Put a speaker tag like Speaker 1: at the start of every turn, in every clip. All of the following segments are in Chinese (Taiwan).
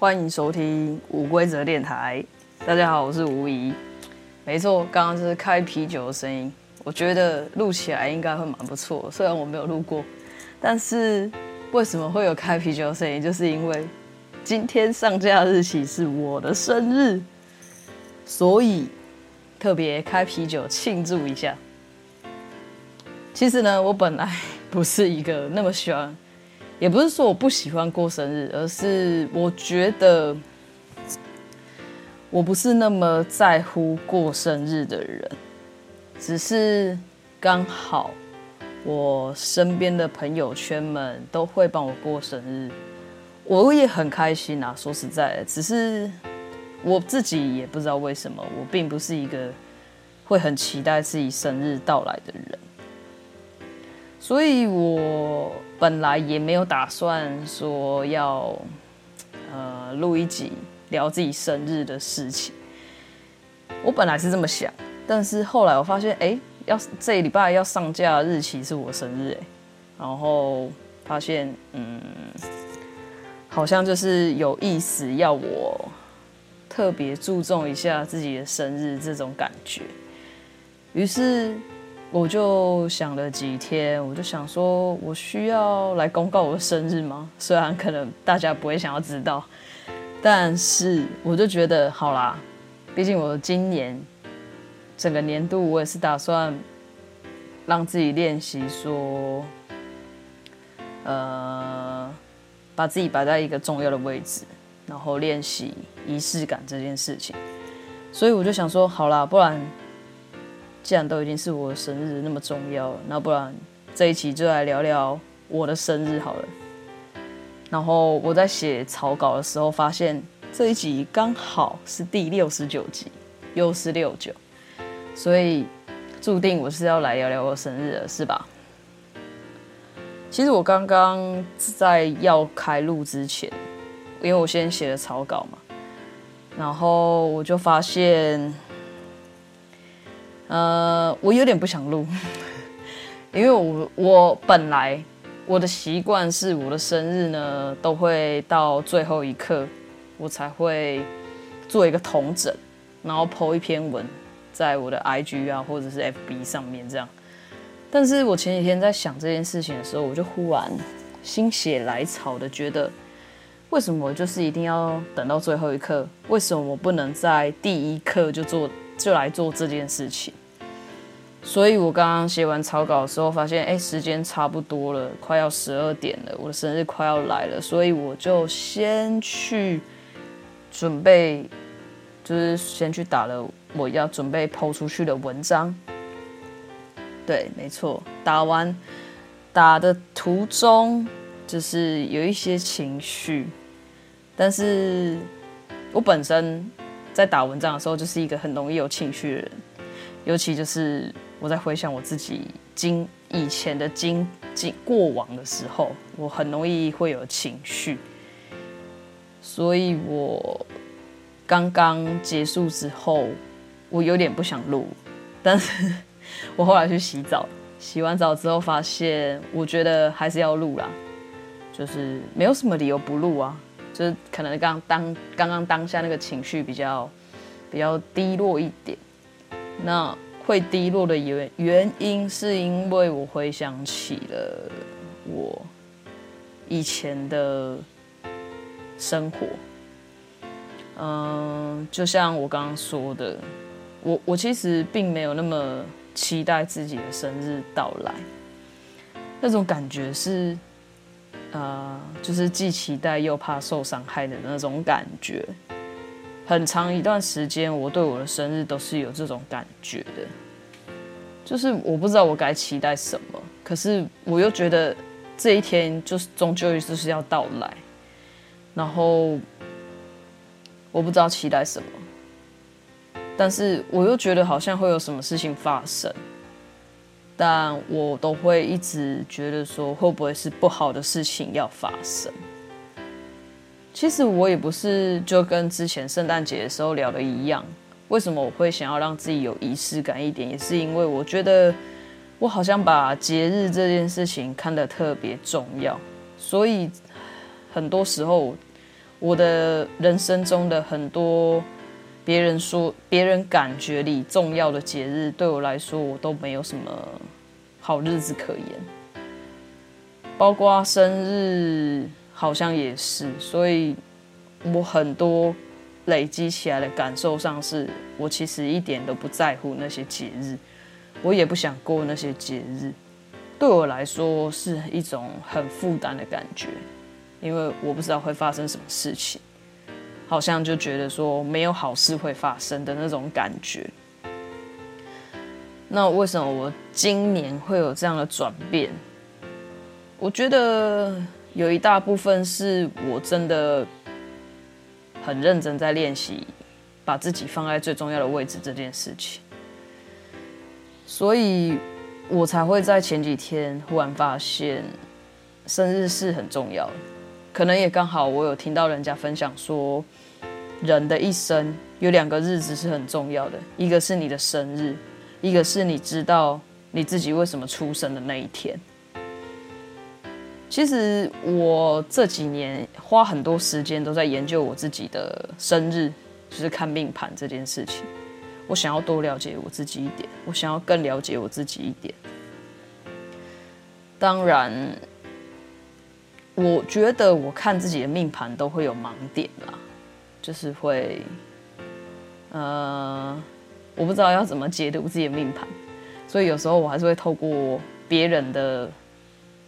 Speaker 1: 歡迎收聽 Woo 規則電台。大家好，我是無疑。沒錯，剛剛是開啤酒的聲音。我覺得錄起來應該會蠻不錯，雖然我沒有錄過。但是為什麼會有開啤酒的聲音？就是因為今天上架日期是我的生日，所以特別開啤酒慶祝一下。其實呢，我本來不是一個那麼喜歡。也不是說我不喜歡過生日，而是我覺得我不是那麼在乎過生日的人。只是剛好我身邊的朋友圈們都會幫我過生日，我也很開心啊。說實在的，只是我自己也不知道為什麼，我並不是一個會很期待自己生日到來的人。所以我本來也沒有打算說要，呃，錄一集聊自己生日的事情。我本來是這麼想，但是後來我發現，哎、欸，要這禮拜要上架日期是我生日、欸，誒，然後發現，嗯，好像就是有意思，要我特別注重一下自己的生日這種感覺，於是。我就想了幾天，我就想說，我需要來公告我的生日嗎？雖然可能大家不會想要知道，但是我就覺得好啦，畢竟我今年整個年度，我也是打算讓自己練習說，呃，把自己擺在一個重要的位置，然後練習儀式感這件事情。所以我就想說，好啦，不然。既然都已經是我的生日那麼重要了，那不然這一期就來聊聊我的生日好了。然後我在寫草稿的時候，發現這一集剛好是第六十九集，又是六九，所以注定我是要來聊聊我生日了，是吧？其實我剛剛在要開錄之前，因為我先寫了草稿嘛，然後我就發現。呃，我有點不想錄，因為我我本來我的習慣是我的生日呢，都會到最後一刻，我才會做一個統整，然後 po 一篇文在我的 IG 啊或者是 FB 上面這樣。但是我前幾天在想這件事情的時候，我就忽然心血來潮的覺得，為什麼我就是一定要等到最後一刻？為什麼我不能在第一刻就做就來做這件事情？所以，我剛剛寫完草稿的時候，發現哎、欸，時間差不多了，快要十二點了，我的生日快要來了，所以我就先去準備，就是先去打了我要準備 PO 出去的文章。對，沒錯，打完打的途中，就是有一些情緒，但是，我本身在打文章的時候，就是一個很容易有情緒的人，尤其就是。我在回想我自己經以前的經經過往的時候，我很容易會有情緒，所以我剛剛結束之後，我有點不想錄，但是我後來去洗澡，洗完澡之後發現，我覺得還是要錄啦，就是沒有什麼理由不錄啊，就是可能剛當剛剛當下那個情緒比較比較低落一點，那。會低落的原原因是因為我回想起了我以前的生活，嗯，就像我剛剛說的，我我其實並沒有那麼期待自己的生日到來，那種感覺是，啊、嗯，就是既期待又怕受傷害的那種感覺。很長一段時間，我對我的生日都是有這種感覺的，就是我不知道我該期待什麼，可是我又覺得這一天就是終究就是要到來，然後我不知道期待什麼，但是我又覺得好像會有什麼事情發生，但我都會一直覺得說，會不會是不好的事情要發生。其實我也不是，就跟之前聖誕節的時候聊的一樣，為什麼我會想要讓自己有儀式感一點，也是因為我覺得我好像把節日這件事情看得特別重要，所以很多時候我的人生中的很多別人說、別人感覺裡重要的節日，對我來說我都沒有什麼好日子可言，包括生日。好像也是，所以，我很多累積起來的感受上是，我其實一點都不在乎那些節日，我也不想過那些節日，對我來說是一種很負擔的感覺，因為我不知道會發生什麼事情，好像就覺得說沒有好事會發生的那種感覺。那為什麼我今年會有這樣的轉變？我覺得。有一大部分是我真的很認真在練習，把自己放在最重要的位置這件事情，所以我才會在前幾天忽然發現，生日是很重要的。可能也剛好我有聽到人家分享說，人的一生有兩個日子是很重要的，一個是你的生日，一個是你知道你自己為什麼出生的那一天。其實我這幾年花很多時間都在研究我自己的生日，就是看命盤這件事情。我想要多了解我自己一點，我想要更了解我自己一點。當然，我覺得我看自己的命盤都會有盲點啦，就是會，呃，我不知道要怎麼解讀自己的命盤，所以有時候我還是會透過別人的。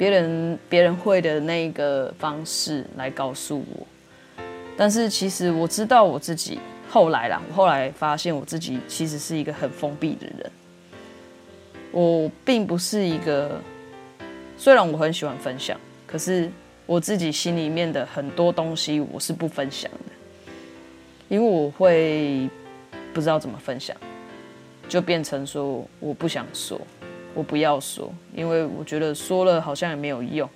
Speaker 1: 別人別人會的那個方式來告訴我，但是其實我知道我自己後來啦，我後來發現我自己其實是一個很封閉的人。我並不是一個，雖然我很喜歡分享，可是我自己心裡面的很多東西我是不分享的，因為我會不知道怎麼分享，就變成說我不想說。我不要說，因為我覺得說了好像也沒有用，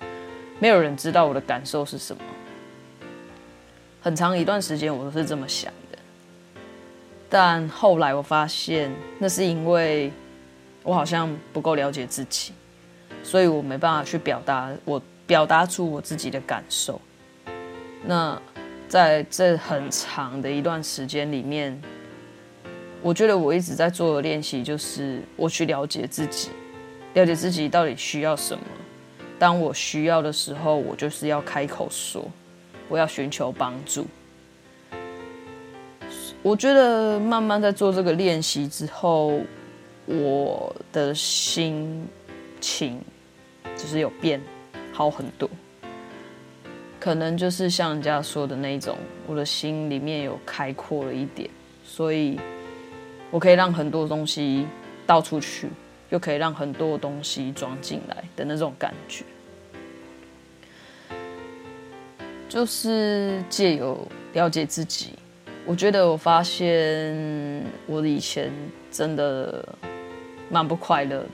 Speaker 1: 沒有人知道我的感受是什麼。很長一段時間我都是這麼想的，但後來我發現那是因為我好像不夠了解自己，所以我沒辦法去表達，我表達出我自己的感受。那在這很長的一段時間裡面，我覺得我一直在做的練習就是我去了解自己。了解自己到底需要什麼。當我需要的時候，我就是要開口說，我要尋求幫助。我覺得慢慢在做這個練習之後，我的心情就是有變好很多。可能就是像人家說的那種，我的心裡面有開闊了一點，所以我可以讓很多東西到處去。又可以讓很多東西裝進來的那種感覺，就是借由了解自己，我覺得我發現我以前真的蠻不快樂的。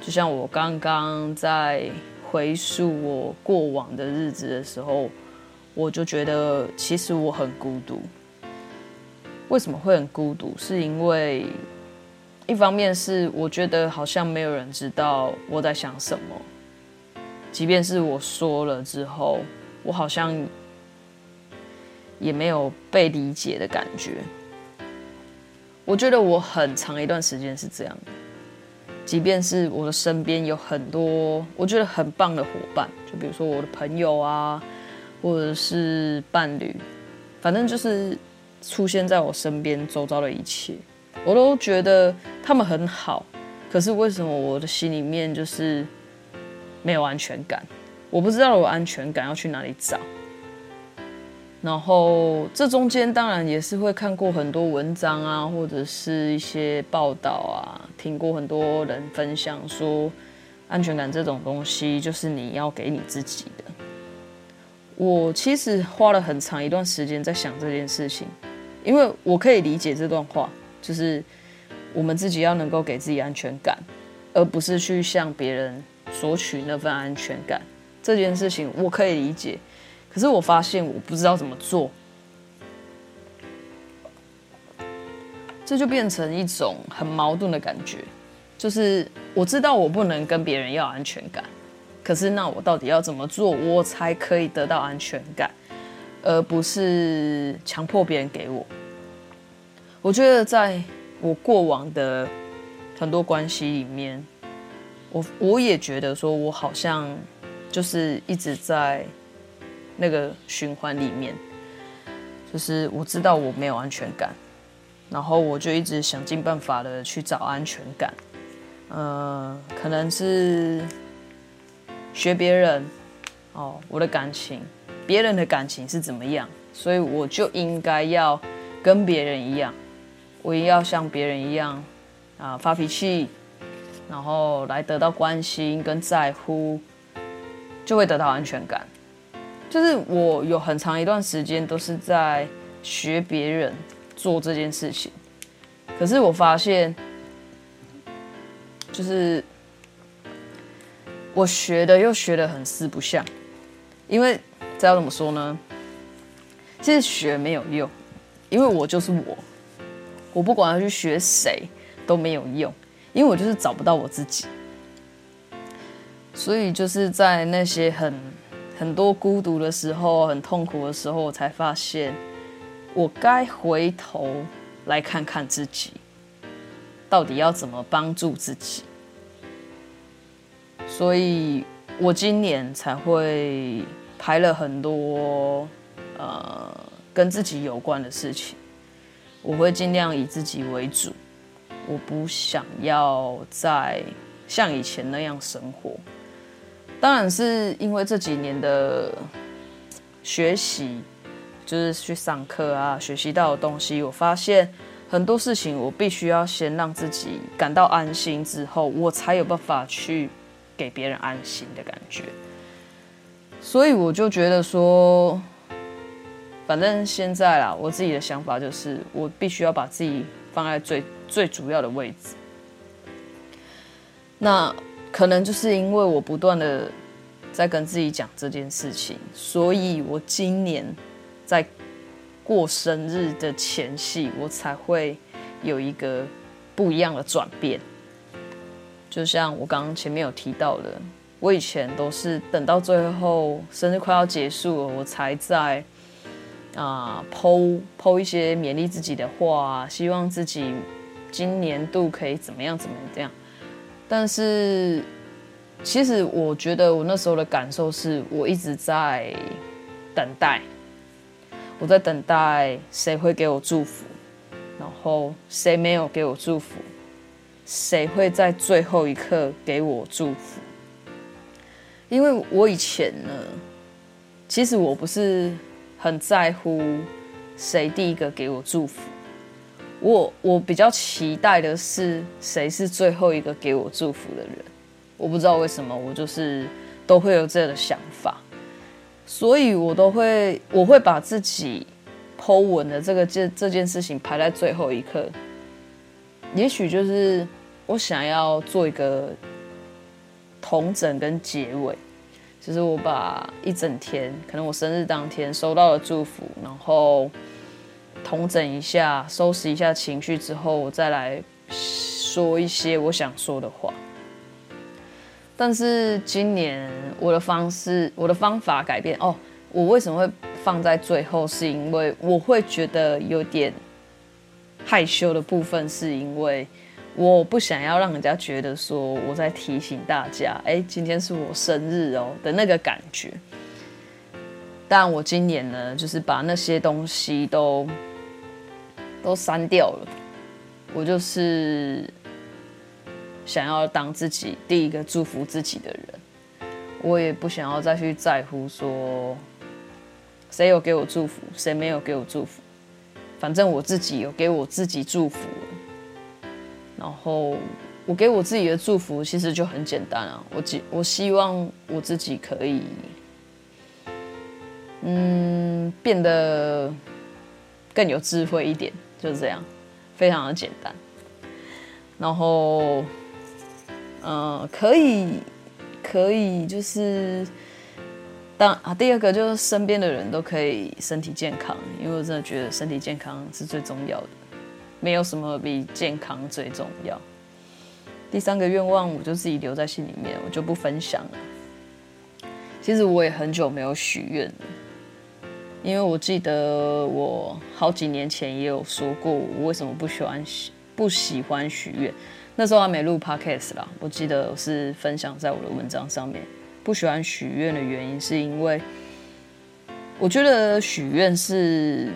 Speaker 1: 就像我剛剛在回溯我過往的日子的時候，我就覺得其實我很孤獨。為什麼會很孤獨？是因為一方面是我覺得好像沒有人知道我在想什麼，即便是我說了之後，我好像也沒有被理解的感覺。我覺得我很長一段時間是這樣的，即便是我的身邊有很多我覺得很棒的夥伴，就比如說我的朋友啊，或者是伴侶，反正就是出現在我身邊周遭的一切，我都覺得。他們很好，可是為什麼我的心裡面就是沒有安全感？我不知道我安全感要去哪裡找。然後這中間當然也是會看過很多文章啊，或者是一些報道啊，聽過很多人分享說，安全感這種東西就是你要給你自己的。我其實花了很長一段時間在想這件事情，因為我可以理解這段話，就是。我們自己要能夠給自己安全感，而不是去向別人索取那份安全感。這件事情我可以理解，可是我發現我不知道怎麼做，這就變成一種很矛盾的感覺。就是我知道我不能跟別人要安全感，可是那我到底要怎麼做，我才可以得到安全感，而不是強迫別人給我。我覺得在。我過往的很多關係裡面，我我也覺得說，我好像就是一直在那個循環裡面。就是我知道我沒有安全感，然後我就一直想盡辦法的去找安全感。呃，可能是學別人哦，我的感情，別人的感情是怎麼樣，所以我就應該要跟別人一樣。唯一要像別人一樣，啊，發脾氣，然後來得到關心跟在乎，就會得到安全感。就是我有很長一段時間都是在學別人做這件事情，可是我發現，就是我學的又學的很四不像。因為這要怎麼說呢？其實學沒有用，因為我就是我。我不管要去學誰都沒有用，因為我就是找不到我自己。所以就是在那些很很多孤獨的時候、很痛苦的時候，我才發現我該回頭來看看自己，到底要怎麼幫助自己。所以我今年才會拍了很多呃跟自己有關的事情。我會盡量以自己為主，我不想要再像以前那樣生活。當然是因為這幾年的學習，就是去上課啊，學習到的東西，我發現很多事情，我必須要先讓自己感到安心之後，我才有辦法去給別人安心的感覺。所以我就覺得說。反正現在啦，我自己的想法就是，我必須要把自己放在最最主要的位置。那可能就是因為我不斷的在跟自己講這件事情，所以我今年在過生日的前夕，我才會有一個不一樣的轉變。就像我剛剛前面有提到的，我以前都是等到最後生日快要結束了，我才在。啊，PO PO 一些勉勵自己的話，希望自己今年度可以怎麼樣怎麼樣。但是，其實我覺得我那時候的感受是，我一直在等待，我在等待誰會給我祝福，然後誰沒有給我祝福，誰會在最後一刻給我祝福。因為我以前呢，其實我不是。很在乎誰第一個給我祝福我，我我比較期待的是誰是最後一個給我祝福的人。我不知道為什麼，我就是都會有這樣的想法，所以我都會我會把自己 PO 文的這個這這件事情排在最後一刻。也許就是我想要做一個統整跟結尾。就是我把一整天，可能我生日當天收到了祝福，然後統整一下，收拾一下情緒之後，我再來說一些我想說的話。但是今年我的方式、我的方法改變哦，我為什麼會放在最後？是因為我會覺得有點害羞的部分，是因為。我不想要讓人家覺得說我在提醒大家，哎，今天是我生日哦的那個感覺。但，我今年呢，就是把那些東西都都刪掉了。我就是想要當自己第一個祝福自己的人。我也不想要再去在乎說誰有給我祝福，誰沒有給我祝福。反正我自己有給我自己祝福。然後我給我自己的祝福其實就很簡單啊，我幾我希望我自己可以，嗯，變得更有智慧一點，就是這樣，非常的簡單。然後，嗯、呃，可以可以就是、當啊第二個就是身邊的人都可以身體健康，因為我真的覺得身體健康是最重要的。沒有什麼比健康最重要。第三個願望我就自己留在心裡面，我就不分享了。其實我也很久沒有許願了，因為我記得我好幾年前也有說過，我為什麼不喜歡不喜歡許願。那時候還沒錄 podcast 啦，我記得我是分享在我的文章上面。不喜歡許願的原因是因為，我覺得許願是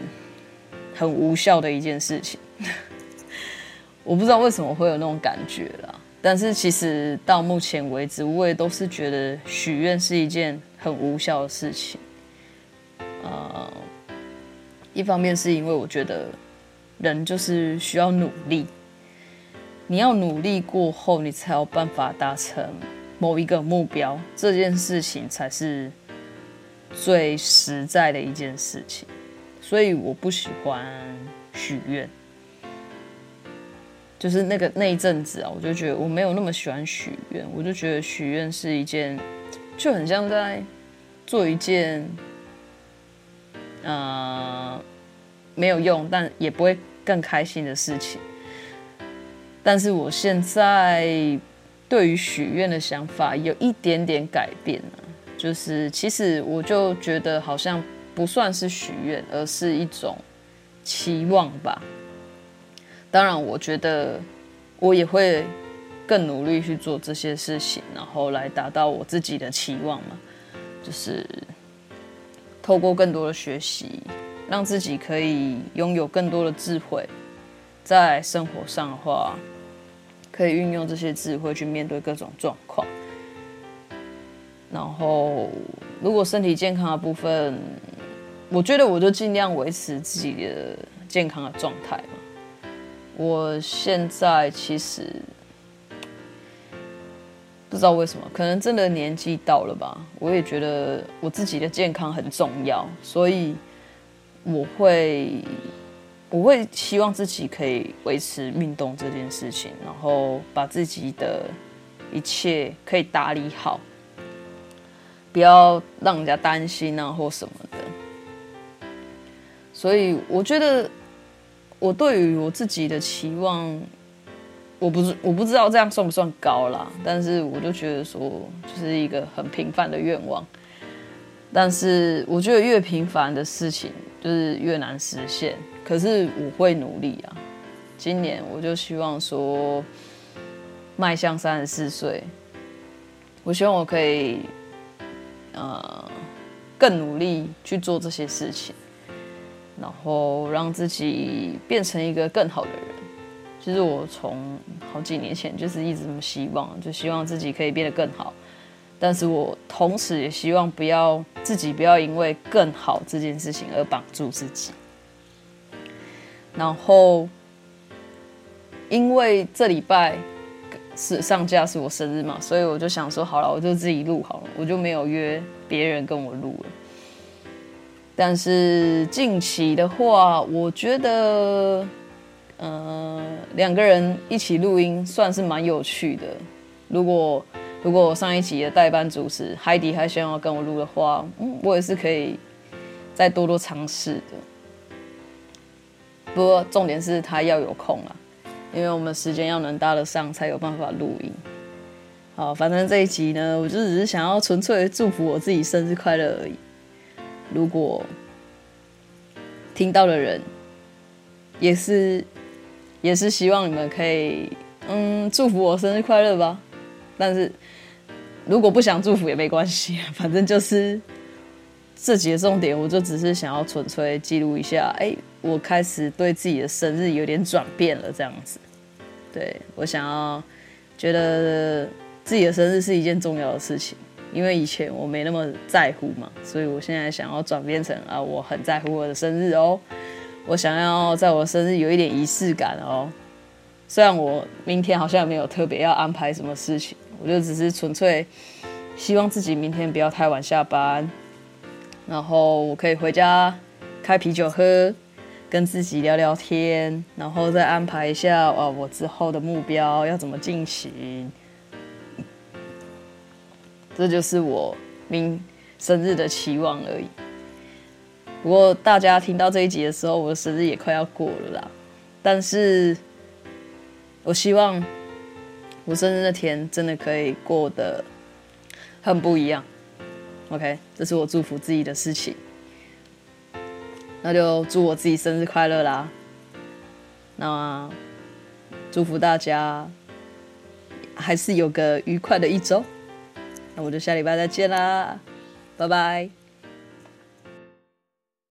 Speaker 1: 很無效的一件事情。 我不知道為什麼會有那種感覺啦，但是其實到目前為止，我也都是覺得許願是一件很無效的事情。呃，一方面是因為我覺得人就是需要努力，你要努力過後，你才有辦法達成某一個目標，這件事情才是最實在的一件事情，所以我不喜歡許願。就是那個那一陣子啊，我就覺得我沒有那麼喜歡許願，我就覺得許願是一件就很像在做一件呃沒有用但也不會更開心的事情。但是我現在對於許願的想法有一點點改變啊，就是其實我就覺得好像不算是許願，而是一種期望吧。當然，我覺得我也會更努力去做這些事情，然後來達到我自己的期望嘛。就是透過更多的學習，讓自己可以擁有更多的智慧，在生活上的話，可以運用這些智慧去面對各種狀況。然後，如果身體健康的部分，我覺得我就盡量維持自己的健康的狀態嘛。我現在其實不知道為什麼，可能真的年紀到了吧。我也覺得我自己的健康很重要，所以我會我會希望自己可以維持運動這件事情，然後把自己的一切可以打理好，不要讓人家擔心啊或什麼的。所以我覺得。我對於我自己的期望，我不是我不知道這樣算不算高啦，但是我就覺得說，就是一個很平凡的願望。但是我覺得越平凡的事情就是越難實現，可是我會努力啊。今年我就希望說，邁向三十四歲，我希望我可以，呃，更努力去做這些事情。然後讓自己變成一個更好的人，其實我從好幾年前就是一直這麼希望，就希望自己可以變得更好。但是我同時也希望不要自己不要因為更好這件事情而綁住自己。然後因為這禮拜是上架是我生日嘛，所以我就想說好了，我就自己錄好了，我就沒有約別人跟我錄了。但是近期的話，我覺得，呃，兩個人一起錄音算是蠻有趣的。如果如果我上一集的代班主持 海迪還想要跟我錄的話，嗯，我也是可以再多多嘗試的。不過重點是他要有空啊，因為我們時間要能搭得上，才有辦法錄音。好，反正這一集呢，我就只是想要純粹祝福我自己生日快樂而已。如果聽到的人，也是也是希望你們可以嗯，祝福我生日快樂吧。但是如果不想祝福也沒關係，反正就是這幾個重點，我就只是想要純粹記錄一下。哎、欸，我開始對自己的生日有點轉變了，這樣子。對，我想要覺得自己的生日是一件重要的事情。因為以前我沒那麼在乎嘛，所以我現在想要轉變成啊，我很在乎我的生日哦，我想要在我生日有一點儀式感哦。雖然我明天好像沒有特別要安排什麼事情，我就只是純粹希望自己明天不要太晚下班，然後我可以回家開啤酒喝，跟自己聊聊天，然後再安排一下哦、啊。我之後的目標要怎麼進行。這就是我明生日的期望而已，不過大家聽到這一集的時候，我的生日也快要過了啦。但是，我希望我生日那天真的可以過得很不一樣。OK，這是我祝福自己的事情。那就祝我自己生日快樂啦！那祝福大家，還是有個愉快的一周。那我就下禮拜再見啦，拜拜。